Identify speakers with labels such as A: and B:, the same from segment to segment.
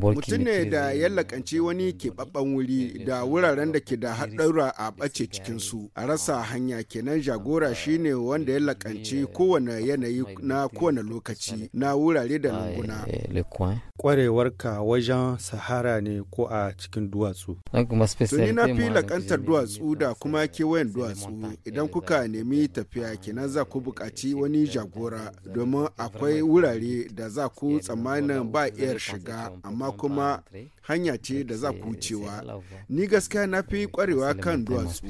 A: mutum ne da
B: ya lakanci wani keɓaɓɓen wuri da wuraren da ke da haɗura a ɓace su a rasa hanya kenan jagora shine wanda ya lakanci kowane yanayi na kowane lokaci na wurare da ah, lunguna
A: eh, eh, kwarewarka wajen sahara ne ko a cikin duwatsu tuni na fi lakantar
B: duwatsu da kuma kewayen duwatsu idan kuka nemi tafiya kenan za ku buƙaci wani jagora domin akwai wurare da za ku tsammanin ba iya shiga shiga amma kuma hanya ce da za ku cewa ni gaskiya na fi kwarewa kan duwatsu.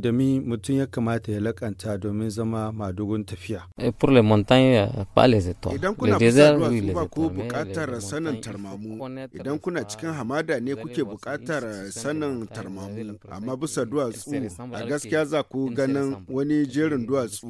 A: Dame mutum ya kamata ya lakanta domin zama madugun tafiya. Eh, euh, idan kuna duwatsu ba ku
B: bukatar sanin tarmamu idan kuna cikin hamada ne kuke bukatar sanin tarmamu amma bisa duwatsu a gaskiya za ku ganin wani jerin duwatsu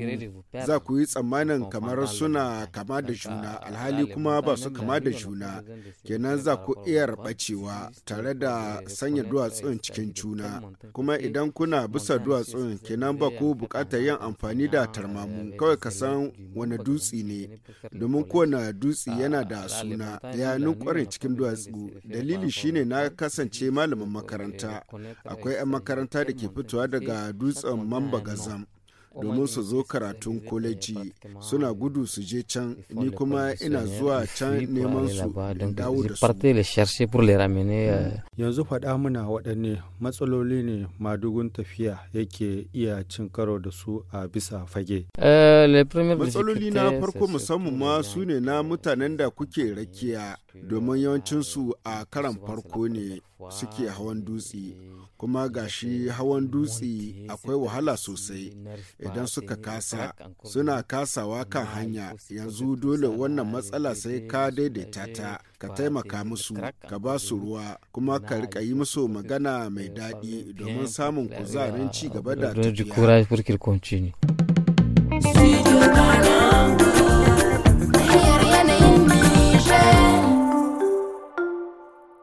B: za ku yi tsammanin kamar suna kama da juna alhali kuma ba su kama da juna. juna kenan za ku iya bacewa tare da sanya duwatsun cikin juna kuma idan kuna bisa duwatsun kenan ba ku bukatar yin amfani da tarmamu kawai ka san wani dutsi ne domin kowane dutsi yana da suna ya nukwarin cikin duwatsu dalili shine na kasance malamin makaranta akwai 'yan makaranta da ke fitowa daga dutsen mamba gazam domin su zo karatun koleji suna gudu su je can ni kuma ina zuwa can neman su dawo da su
A: yanzu faɗa muna waɗanne matsaloli ne madugun tafiya yake iya cin karo da su a bisa fage matsaloli na farko musamman
B: ma su ne na mutanen da kuke rakiya domin yawancinsu a karan farko ne suke hawan dutse kuma gashi hawan dutse akwai wahala sosai idan suka kasa suna kasawa kan hanya yanzu dole wannan matsala sai ka daidaita ta ka taimaka musu ka ba su ruwa kuma ka rika yi musu magana mai daɗi domin samun kuzarin ci gaba da tafiya.